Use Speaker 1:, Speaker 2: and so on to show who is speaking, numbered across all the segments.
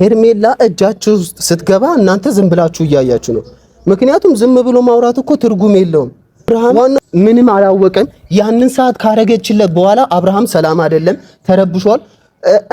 Speaker 1: ሄርሜላ እጃችሁ ውስጥ ስትገባ እናንተ ዝም ብላችሁ እያያችሁ ነው። ምክንያቱም ዝም ብሎ ማውራት እኮ ትርጉም የለውም። አብርሃም ምንም አላወቀም። ያንን ሰዓት ካረገችለት በኋላ አብርሃም ሰላም አይደለም፣ ተረብሿል።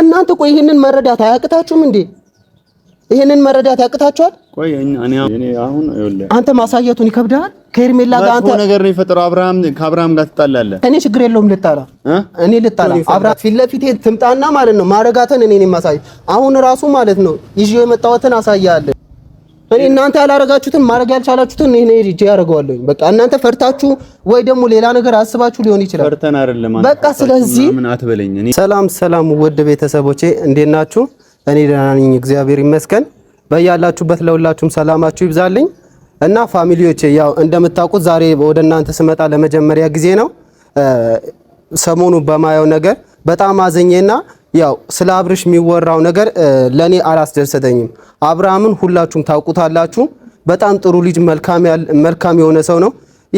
Speaker 1: እናንተ ቆይ ይህንን መረዳት አያቅታችሁም እንዴ? ይሄንን መረዳት ያቅታቸዋል።
Speaker 2: ቆይ አሁን
Speaker 1: አንተ ማሳየቱን ይከብዳል። ከሄርሜላ ጋር አንተ
Speaker 2: ነገር ነው የፈጠረው። አብርሃም ከአብርሃም ጋር ትጣላለህ።
Speaker 1: እኔ ችግር የለውም ልጣላ፣ እኔ ልጣላ። አብርሃም ፊት ለፊቴ ትምጣና ማለት ነው ማረጋትን እኔ ነኝ ማሳይ። አሁን ራሱ ማለት ነው ይዤው የመጣሁትን አሳያለሁ። እኔ እናንተ ያላረጋችሁትን ማድረግ ያልቻላችሁትን እኔ ነኝ ይዤ ያደርገዋለሁ። በቃ እናንተ ፈርታችሁ ወይ ደግሞ ሌላ ነገር አስባችሁ ሊሆን ይችላል።
Speaker 2: ፈርተን አይደለም
Speaker 1: በቃ። ስለዚህ ሰላም ሰላም፣ ውድ ቤተሰቦቼ እንዴት ናችሁ? እኔ ደህና ነኝ፣ እግዚአብሔር ይመስገን። በያላችሁበት ለሁላችሁም ሰላማችሁ ይብዛልኝ እና ፋሚሊዎች፣ ያው እንደምታውቁት ዛሬ ወደ እናንተ ስመጣ ለመጀመሪያ ጊዜ ነው። ሰሞኑ በማየው ነገር በጣም አዘኘና ያው ስለ አብርሽ የሚወራው ነገር ለኔ አላስደሰተኝም። አብርሃምን ሁላችሁም ታውቁታላችሁ። በጣም ጥሩ ልጅ፣ መልካም የሆነ ሰው ነው።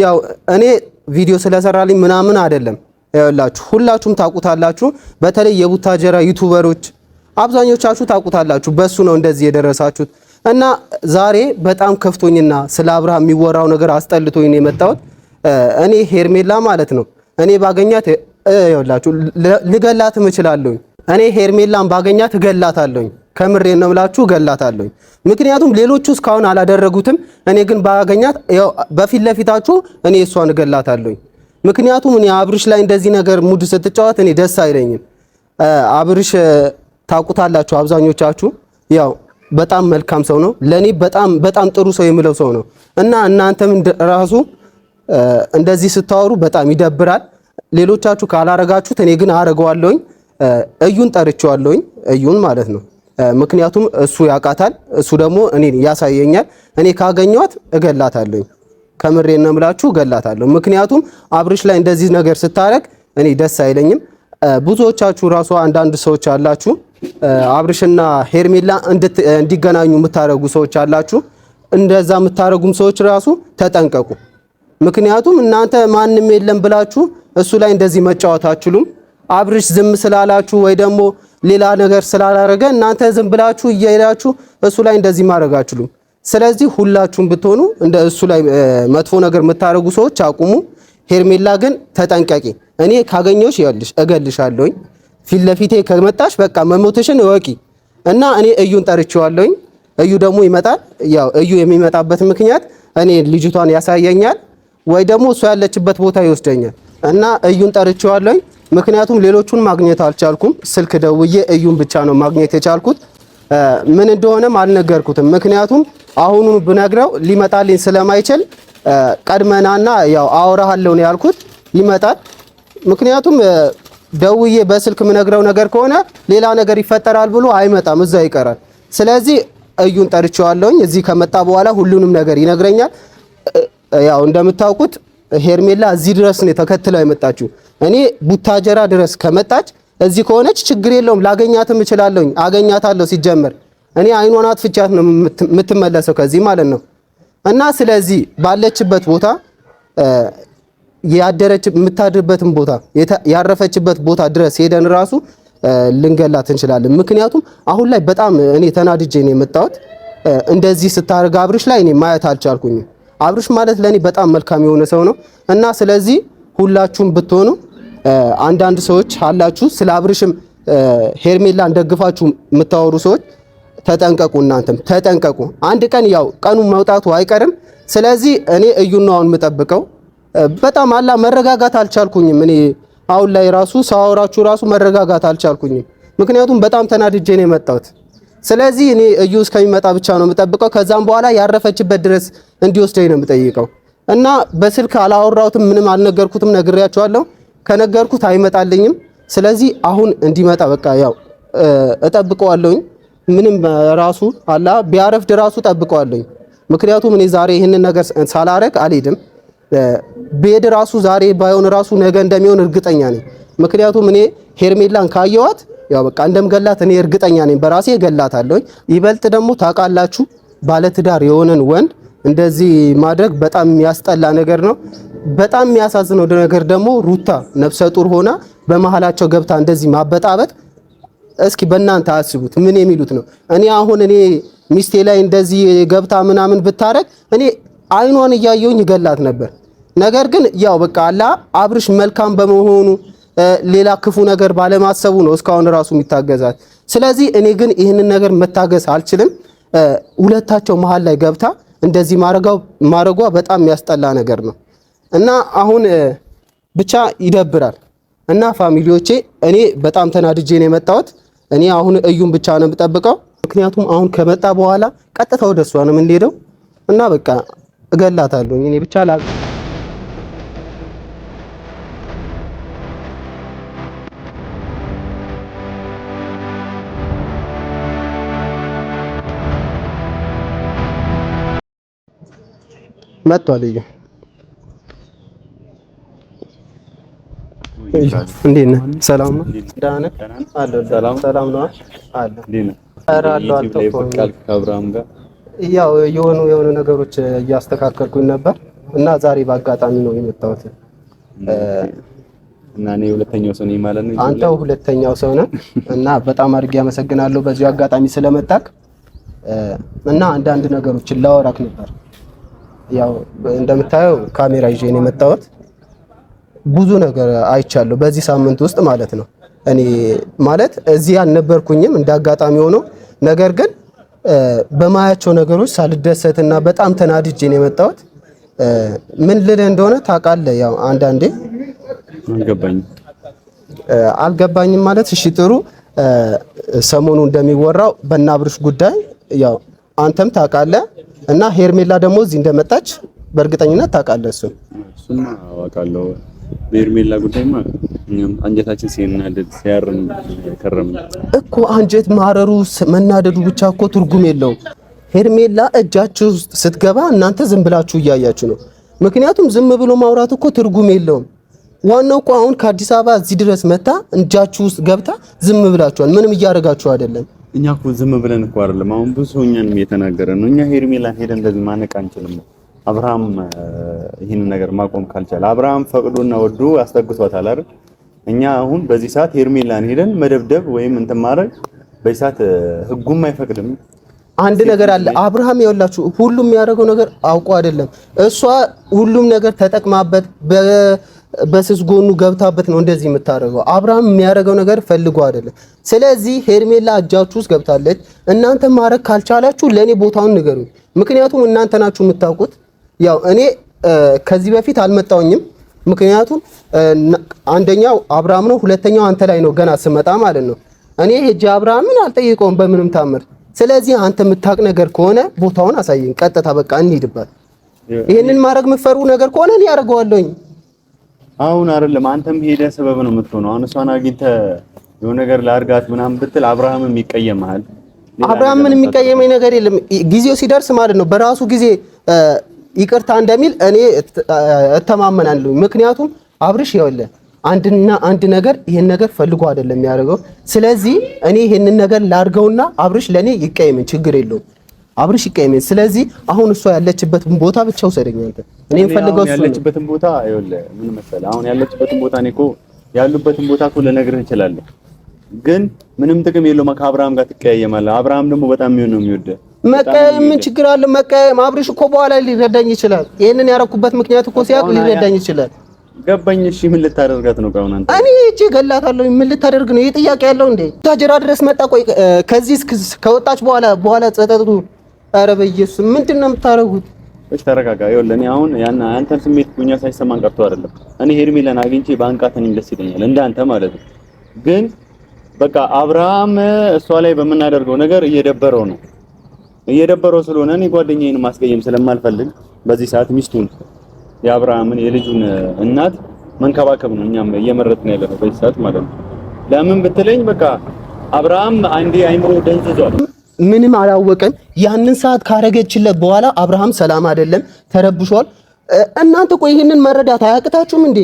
Speaker 1: ያው እኔ ቪዲዮ ስለሰራልኝ ምናምን አይደለም። ያውላችሁ ሁላችሁም ታውቁታላችሁ። በተለይ የቡታጀራ ዩቱበሮች አብዛኞቻችሁ ታውቁታላችሁ። በሱ ነው እንደዚህ የደረሳችሁት። እና ዛሬ በጣም ከፍቶኝና ስለ አብርሃ የሚወራው ነገር አስጠልቶኝ ነው የመጣሁት። እኔ ሄርሜላ ማለት ነው እኔ ባገኛት ይኸውላችሁ ልገላትም እችላለሁኝ። እኔ ሄርሜላን ባገኛት እገላታለሁኝ። ከምሬ ነው ብላችሁ እገላታለሁኝ። ምክንያቱም ሌሎቹ እስካሁን አላደረጉትም። እኔ ግን ባገኛት ያው በፊት ለፊታችሁ እኔ እሷን እገላታለሁኝ። ምክንያቱም እኔ አብርሽ ላይ እንደዚህ ነገር ሙድ ስትጫወት እኔ ደስ አይለኝም። አብርሽ ታውቁታላችሁ አብዛኞቻችሁ። ያው በጣም መልካም ሰው ነው ለኔ በጣም በጣም ጥሩ ሰው የምለው ሰው ነው እና እናንተም ራሱ እንደዚህ ስታወሩ በጣም ይደብራል። ሌሎቻችሁ ካላረጋችሁት እኔ ግን አረገዋለሁኝ። እዩን ጠርቼዋለሁኝ፣ እዩን ማለት ነው። ምክንያቱም እሱ ያውቃታል፣ እሱ ደግሞ እኔ ያሳየኛል። እኔ ካገኘኋት እገላታለሁኝ። ከምሬ ነው እገላታለሁ። ምክንያቱም አብርሽ ላይ እንደዚህ ነገር ስታረግ እኔ ደስ አይለኝም። ብዙዎቻችሁ ራሱ አንዳንድ ሰዎች አላችሁ አብርሽና ሄርሜላ እንዲገናኙ የምታደረጉ ሰዎች አላችሁ። እንደዛ የምታደርጉም ሰዎች ራሱ ተጠንቀቁ። ምክንያቱም እናንተ ማንም የለም ብላችሁ እሱ ላይ እንደዚህ መጫወት አችሉም። አብርሽ ዝም ስላላችሁ ወይ ደግሞ ሌላ ነገር ስላላረገ እናንተ ዝም ብላችሁ እየሄዳችሁ እሱ ላይ እንደዚህ ማድረግ አችሉም። ስለዚህ ሁላችሁም ብትሆኑ እንደ እሱ ላይ መጥፎ ነገር የምታደርጉ ሰዎች አቁሙ። ሄርሜላ ግን ተጠንቀቂ። እኔ ካገኘሁሽ ይኸውልሽ እገልሻለሁኝ ፊት ለፊቴ ከመጣሽ በቃ መሞትሽን እወቂ እና እኔ እዩን ጠርቼዋለሁኝ። እዩ ደግሞ ይመጣል። ያው እዩ የሚመጣበት ምክንያት እኔ ልጅቷን ያሳየኛል ወይ ደግሞ እሷ ያለችበት ቦታ ይወስደኛል እና እዩን ጠርቼዋለሁኝ። ምክንያቱም ሌሎቹን ማግኘት አልቻልኩም። ስልክ ደውዬ እዩን ብቻ ነው ማግኘት የቻልኩት። ምን እንደሆነም አልነገርኩትም። ምክንያቱም አሁኑን ብነግረው ሊመጣልኝ ስለማይችል ቀድመናና ያው አወራሃለሁ ነው ያልኩት። ይመጣል ምክንያቱም ደውዬ በስልክ የምነግረው ነገር ከሆነ ሌላ ነገር ይፈጠራል ብሎ አይመጣም፣ እዛ ይቀራል። ስለዚህ እዩን ጠርቼዋለሁኝ። እዚህ ከመጣ በኋላ ሁሉንም ነገር ይነግረኛል። ያው እንደምታውቁት ሄርሜላ እዚህ ድረስ ነው ተከትለው የመጣችው። እኔ ቡታጀራ ድረስ ከመጣች እዚህ ከሆነች ችግር የለውም፣ ላገኛትም እችላለሁኝ፣ አገኛታለሁ። ሲጀመር እኔ አይኗን አጥፍቻት ነው የምትመለሰው ከዚህ ማለት ነው። እና ስለዚህ ባለችበት ቦታ ያደረች የምታድርበትን ቦታ ያረፈችበት ቦታ ድረስ ሄደን ራሱ ልንገላት እንችላለን። ምክንያቱም አሁን ላይ በጣም እኔ ተናድጄ ነው የመጣሁት። እንደዚህ ስታደርግ አብርሽ ላይ እኔ ማየት አልቻልኩኝም። አብርሽ ማለት ለእኔ በጣም መልካም የሆነ ሰው ነው እና ስለዚህ ሁላችሁም ብትሆኑ አንዳንድ ሰዎች አላችሁ፣ ስለ አብርሽም ሄርሜላን ደግፋችሁ የምታወሩ ሰዎች ተጠንቀቁ። እናንተም ተጠንቀቁ። አንድ ቀን ያው ቀኑ መውጣቱ አይቀርም። ስለዚህ እኔ እዩናውን የምጠብቀው በጣም አላ መረጋጋት አልቻልኩኝም። እኔ አሁን ላይ ራሱ ሳወራችሁ ራሱ መረጋጋት አልቻልኩኝም፣ ምክንያቱም በጣም ተናድጄ ነው የመጣሁት። ስለዚህ እኔ እዩ እስከሚመጣ ብቻ ነው የምጠብቀው። ከዛም በኋላ ያረፈችበት ድረስ እንዲወስደኝ ነው የምጠይቀው እና በስልክ አላወራሁትም፣ ምንም አልነገርኩትም፣ ነግሬያቸዋለሁ። ከነገርኩት አይመጣልኝም። ስለዚህ አሁን እንዲመጣ በቃ ያው እጠብቀዋለሁኝ። ምንም ራሱ አላ ቢያረፍድ ራሱ እጠብቀዋለሁኝ። ምክንያቱም እኔ ዛሬ ይህንን ነገር ሳላረግ አልሄድም። ብሄድ ራሱ ዛሬ ባይሆን ራሱ ነገ እንደሚሆን እርግጠኛ ነኝ። ምክንያቱም እኔ ሄርሜላን ካየዋት ያው በቃ እንደምገላት እኔ እርግጠኛ ነኝ። በራሴ ገላታለሁ ይበልጥ ደግሞ ታውቃላችሁ፣ ባለትዳር የሆነን ወንድ እንደዚህ ማድረግ በጣም የሚያስጠላ ነገር ነው። በጣም የሚያሳዝነው ነገር ደግሞ ሩታ ነፍሰ ጡር ሆና በመሀላቸው ገብታ እንደዚህ ማበጣበጥ እስኪ በእናንተ አስቡት፣ ምን የሚሉት ነው? እኔ አሁን እኔ ሚስቴ ላይ እንደዚህ ገብታ ምናምን ብታረግ እኔ አይኗን እያየውኝ ይገላት ነበር። ነገር ግን ያው በቃ አላ አብርሽ መልካም በመሆኑ ሌላ ክፉ ነገር ባለማሰቡ ነው እስካሁን ራሱ የሚታገዛት። ስለዚህ እኔ ግን ይህንን ነገር መታገስ አልችልም። ሁለታቸው መሀል ላይ ገብታ እንደዚህ ማረጓ በጣም የሚያስጠላ ነገር ነው እና አሁን ብቻ ይደብራል። እና ፋሚሊዎቼ እኔ በጣም ተናድጄ ነው የመጣሁት። እኔ አሁን እዩን ብቻ ነው የምጠብቀው፣ ምክንያቱም አሁን ከመጣ በኋላ ቀጥታ ወደ እሷ ነው የምንሄደው እና በቃ እገላታለሁ እኔ ብቻ መጥቷል። እዩ እንዴት ነህ? ሰላም ነው? ደህና ነህ? አለሁ። ሰላም ሰላም ነው።
Speaker 2: አለሁ። ኧረ አለሁ። አልጠፋሁም።
Speaker 1: ያው የሆኑ የሆኑ ነገሮች እያስተካከልኩኝ ነበር እና ዛሬ በአጋጣሚ ነው የመጣሁት።
Speaker 2: እና እኔ ሁለተኛው ሰው ነኝ ማለት ነው።
Speaker 1: አንተው ሁለተኛው ሰው ነህ እና በጣም አድርጌ አመሰግናለሁ በዚሁ አጋጣሚ ስለመጣክ እና አንዳንድ ነገሮችን ላወራክ ነበር ያው እንደምታየው ካሜራ ይዤ ነው የመጣሁት። ብዙ ነገር አይቻለሁ በዚህ ሳምንት ውስጥ ማለት ነው። እኔ ማለት እዚህ አልነበርኩኝም እንዳጋጣሚ ሆኖ ነገር ግን በማያቸው ነገሮች ሳልደሰትና በጣም ተናድጄ ነው የመጣሁት። ምን ልልህ እንደሆነ ታውቃለህ። ያው አንዳንዴ አልገባኝም አልገባኝም ማለት እሺ፣ ጥሩ ሰሞኑ እንደሚወራው በእነ አብርሽ ጉዳይ ያው አንተም ታውቃለህ እና ሄርሜላ ደግሞ እዚህ እንደመጣች በእርግጠኝነት ታውቃለህ። እሱን
Speaker 2: እሱማ አውቃለሁ። በሄርሜላ ጉዳይማ አንጀታችን ሲናደድ ሲያርም ከረም
Speaker 1: እኮ አንጀት ማረሩ መናደዱ ብቻ እኮ ትርጉም የለውም። ሄርሜላ እጃችሁ ስትገባ እናንተ ዝም ብላችሁ እያያችሁ ነው። ምክንያቱም ዝም ብሎ ማውራት እኮ ትርጉም የለውም። ዋናው እኮ አሁን ከአዲስ አበባ እዚህ ድረስ መታ እጃችሁ ውስጥ ገብታ ዝም ብላችኋል። ምንም እያደረጋችሁ አይደለም።
Speaker 2: እኛ እኮ ዝም ብለን እኮ አይደለም። አሁን ብዙ ሰው እኛንም እየተናገረ ነው። እኛ ሄርሜላን ሄደን እንደዚህ ማነቅ አንችልም። አብርሃም ይህን ነገር ማቆም ካልቻለ አብርሃም ፈቅዶና ወዶ አስጠግቷታል አይደል? እኛ አሁን በዚህ ሰዓት ሄርሜላን ሄደን መደብደብ ወይም እንትን ማድረግ በዚህ ሰዓት ህጉም አይፈቅድም።
Speaker 1: አንድ ነገር አለ አብርሃም ያውላችሁ፣ ሁሉም የሚያደርገው ነገር አውቆ አይደለም። እሷ ሁሉም ነገር ተጠቅማበት በስስ ጎኑ ገብታበት ነው እንደዚህ የምታደርገው። አብርሃም የሚያደርገው ነገር ፈልጎ አይደለም። ስለዚህ ሄርሜላ እጃችሁ ውስጥ ገብታለች። እናንተ ማድረግ ካልቻላችሁ ለእኔ ቦታውን ንገሩኝ። ምክንያቱም እናንተ ናችሁ የምታውቁት። ያው እኔ ከዚህ በፊት አልመጣውኝም። ምክንያቱም አንደኛው አብርሃም ነው፣ ሁለተኛው አንተ ላይ ነው ገና ስመጣ ማለት ነው። እኔ ሄጄ አብርሃምን አልጠይቀውም በምንም ታምር። ስለዚህ አንተ የምታውቅ ነገር ከሆነ ቦታውን አሳየኝ። ቀጥታ በቃ እንሂድበት። ይህንን ማድረግ የምትፈሩ ነገር ከሆነ እኔ ያደርገዋለሁኝ።
Speaker 2: አሁን አይደለም አንተም ሄደህ ሰበብ ነው የምትሆነው። አሁን እሷን አግኝተህ የሆነ ነገር ላድርጋት ምናምን ብትል አብርሃምም ይቀየምሃል።
Speaker 1: አብርሃም ምን የሚቀየመኝ ነገር የለም። ጊዜው ሲደርስ ማለት ነው በራሱ ጊዜ ይቅርታ እንደሚል እኔ እተማመናለሁ። ምክንያቱም አብርሽ ይኸውልህ አንድና አንድ ነገር ይሄን ነገር ፈልጎ አይደለም የሚያደርገው። ስለዚህ እኔ ይሄንን ነገር ላድርገውና አብርሽ ለኔ ይቀየምን ችግር የለውም። አብርሽ ይቀየመኝ። ስለዚህ አሁን እሷ ያለችበትን ቦታ ብቻ ውሰደኝ አንተ።
Speaker 2: እኔ የምፈልገው እሷ ያለችበትን ቦታ ይኸውልህ፣ ምን መሰለህ፣ አሁን ያለችበትን ቦታ እኔ እኮ ያሉበትን ቦታ እኮ ልነግርህ እችላለሁ፣ ግን ምንም ጥቅም የለውም። ከአብርሃም ጋር ትቀያየማለህ። አብርሃም ደግሞ በጣም ነው የሚወደው።
Speaker 1: መቀየም ምን ችግር አለ? መቀየም አብርሽ እኮ በኋላ ሊረዳኝ ይችላል። ይሄንን ያረኩበት ምክንያት እኮ ሲያውቅ ሊረዳኝ ይችላል።
Speaker 2: ገባኝ። እሺ ምን ልታደርጋት ነው? ቀውን አንተ
Speaker 1: እኔ እጄ ገላታለሁ። ምን ልታደርግ ነው? ይሄ ጥያቄ ያለው እንዴ? ታጀራ ድረስ መጣ። ቆይ ከዚህ ከወጣች በኋላ በኋላ ጸጠቱ ኧረ በኢየሱስ ምንድን ነው የምታደርጉት?
Speaker 2: እሺ ተረጋጋ። ይኸውልህ እኔ አሁን ያን አንተን ስሜት ጉኛ ሳይሰማን ቀርቶ አይደለም። እኔ ሄርሜላን አግኝቼ በአንቃት እኔም ደስ ይለኛል እንዳንተ ማለት ነው። ግን በቃ አብርሃም እሷ ላይ በምናደርገው ነገር እየደበረው ነው እየደበረው ስለሆነ እኔ ጓደኛዬን ማስቀየም ስለማልፈልግ በዚህ ሰዓት ሚስቱን የአብርሃምን የልጁን እናት መንከባከብ ነው እኛም እየመረጥን ያለነው በዚህ ሰዓት ማለት ነው። ለምን ብትለኝ በቃ አብርሃም አንዴ አይምሮ ደንዝዟል።
Speaker 1: ምንም አላወቀም። ያንን ሰዓት ካረገችለት በኋላ አብርሃም ሰላም አይደለም፣ ተረብሿል። እናንተ ቆይ ይህንን መረዳት አያቅታችሁም እንዴ?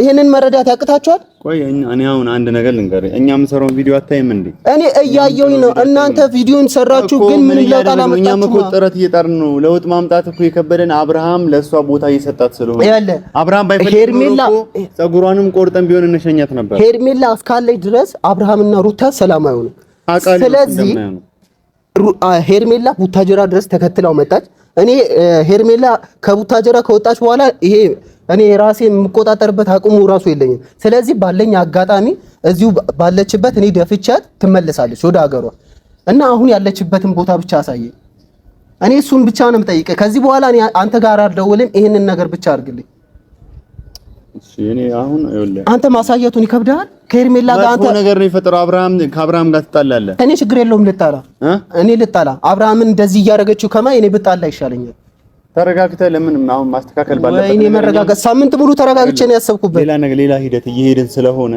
Speaker 1: ይህንን መረዳት ያቅታችኋል?
Speaker 2: ቆይ እኔ አሁን አንድ ነገር ልንገርህ፣ እኛ የምሰራውን ቪዲዮ አታይም እንዴ?
Speaker 1: እኔ እያየሁኝ ነው። እናንተ ቪዲዮን ሰራችሁ፣ ግን ምን ለውጥ አላመጣችሁም።
Speaker 2: እኛም እኮ ጥረት እየጣርን ነው። ለውጥ ማምጣት እኮ የከበደን አብርሃም ለእሷ ቦታ እየሰጣት ስለሆነ
Speaker 1: ያለ አብርሃም ባይፈልግ ነው።
Speaker 2: ጸጉሯንም ቆርጠን ቢሆን እንሸኛት
Speaker 1: ነበር። ሄርሜላ እስካለች ድረስ አብርሃምና ሩታ ሰላም አይሆንም። ስለዚህ ሄርሜላ ቡታጀራ ድረስ ተከትለው መጣች። እኔ ሄርሜላ ከቡታጀራ ከወጣች በኋላ ይሄ እኔ ራሴ የምቆጣጠርበት አቅሙ ራሱ የለኝም። ስለዚህ ባለኝ አጋጣሚ እዚሁ ባለችበት እኔ ደፍቻት ትመለሳለች ወደ ሀገሯ እና አሁን ያለችበትን ቦታ ብቻ አሳየ እኔ እሱን ብቻ ነው የምጠይቀህ። ከዚህ በኋላ አንተ ጋር አልደውልም። ይህንን ነገር ብቻ አድርግልኝ። አንተ ማሳየቱን ይከብዳል ከሄርሜላ ጋር አንተ
Speaker 2: ነገር ነው የፈጠረው። አብርሃም ከአብርሃም ጋር ትጣላለህ።
Speaker 1: እኔ ችግር የለውም ልጣላ፣ እኔ ልጣላ። አብርሃምን እንደዚህ እያደረገችው ከማ እኔ ብጣላ ይሻለኛል።
Speaker 2: ተረጋግተህ ለምን አሁን ማስተካከል
Speaker 1: ባለበት እኔ መረጋጋት ሳምንት ሙሉ ተረጋግቼ ነው ያሰብኩበት።
Speaker 2: ሌላ ነገር ሌላ ሂደት እየሄድን ስለሆነ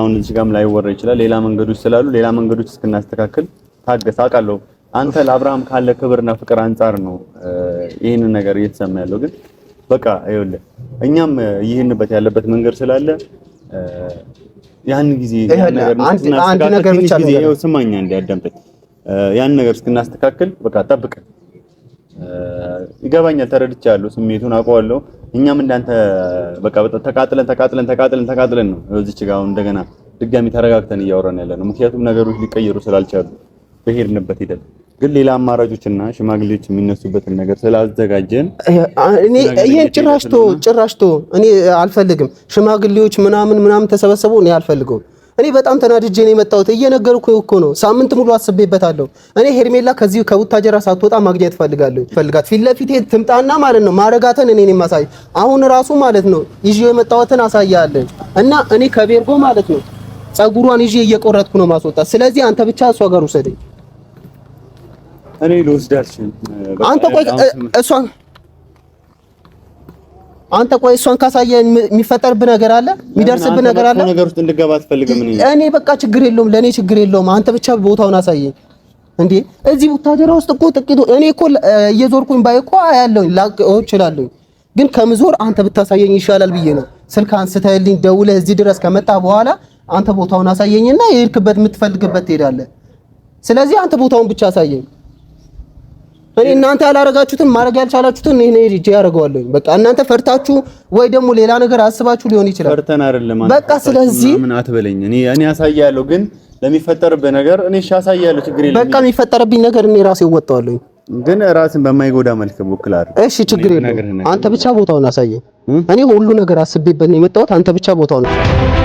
Speaker 2: አሁን እዚህ ጋርም ላይወራ ይችላል። ሌላ መንገዶች ስላሉ ሌላ መንገዶች እስክናስተካክል ታገስ። አውቃለሁ አንተ ለአብርሃም ካለ ክብርና ፍቅር አንጻር ነው ይህንን ነገር እየተሰማ ያለው ግን በቃ ይኸውልህ እኛም ይህንበት ያለበት መንገድ ስላለ ያን ጊዜ አንድ ነገር
Speaker 1: ብቻ ነው ስማኝ፣ አንዴ
Speaker 2: አዳምጠኝ። ያን ነገር እስክናስተካክል በቃ ጠብቀን። ይገባኛል፣ ተረድቻለሁ፣ ስሜቱን አውቀዋለሁ። እኛም እንዳንተ በቃ ተቃጥለን ተቃጥለን ተቃጥለን ተቃጥለን ነው እዚች ጋር አሁን እንደገና ድጋሚ ተረጋግተን እያወራን ያለ ነው። ምክንያቱም ነገሮች ሊቀየሩ ስላልቻሉ በሄድንበት ሂደት ግን ሌላ አማራጮችና ሽማግሌዎች የሚነሱበትን ነገር ስላዘጋጀን
Speaker 1: እኔ ይሄን ጭራሽ ቶ ጭራሽ ቶ እኔ አልፈልግም። ሽማግሌዎች ምናምን ምናምን ተሰበሰቡ እኔ አልፈልገውም። እኔ በጣም ተናድጄ ነው የመጣሁት። እየነገርኩ እኮ ነው፣ ሳምንት ሙሉ አስቤበታለሁ። እኔ ሄርሜላ ከዚህ ከቡታጀራ ሳትወጣ ማግኘት ፈልጋለሁ። ፈልጋት ፊት ለፊት ትምጣና ማለት ነው ማረጋተን እኔ ማሳይ አሁን ራሱ ማለት ነው ይዤ የመጣሁትን አሳያለን እና እኔ ከቤርጎ ማለት ነው ጸጉሯን ይዤ እየቆረጥኩ ነው ማስወጣት። ስለዚህ አንተ ብቻ እሷ ጋር ውሰደኝ
Speaker 2: እኔ ልወስዳችሁ።
Speaker 1: አንተ ቆይ እሷን አንተ ቆይ እሷን ካሳየ የሚፈጠርብህ ነገር አለ፣ የሚደርስብህ ነገር አለ።
Speaker 2: ነገር ውስጥ እንድገባ አትፈልግም።
Speaker 1: እኔ በቃ ችግር የለውም ለእኔ ችግር የለውም። አንተ ብቻ ቦታውን አሳየ እንዴ እዚህ ቡታጀራ ውስጥ እኮ ጥቂቱ እኔ እኮ እየዞርኩኝ ባይ እኮ አያለሁኝ ላውቅ እችላለሁ፣ ግን ከምዞር አንተ ብታሳየኝ ይሻላል ብዬ ነው። ስልክ አንስተህልኝ ደውለህ እዚህ ድረስ ከመጣ በኋላ አንተ ቦታውን አሳየኝና የሄድክበት የምትፈልግበት ትሄዳለህ። ስለዚህ አንተ ቦታውን ብቻ አሳየኝ። እኔ እናንተ ያላረጋችሁትን ማድረግ ያልቻላችሁትን እኔ ነኝ እጄ ያደርገዋለሁ። በቃ እናንተ ፈርታችሁ ወይ ደግሞ ሌላ ነገር አስባችሁ ሊሆን ይችላል።
Speaker 2: ፈርተን አይደለም።
Speaker 1: በቃ ስለዚህ
Speaker 2: ምን አትበለኝ። እኔ እኔ አሳያለሁ፣ ግን ለሚፈጠርብህ ነገር እኔ እሺ አሳያለሁ፣ ችግር የለም።
Speaker 1: በቃ የሚፈጠርብኝ ነገር እኔ ራሴ እወጣዋለሁ፣
Speaker 2: ግን ራስን በማይጎዳ መልክ ወክላል።
Speaker 1: እሺ፣ ችግር የለም። አንተ ብቻ ቦታውን አሳየኝ። እኔ ሁሉ ነገር አስቤበት ነው የመጣሁት። አንተ ብቻ ቦታውን አሳየኝ።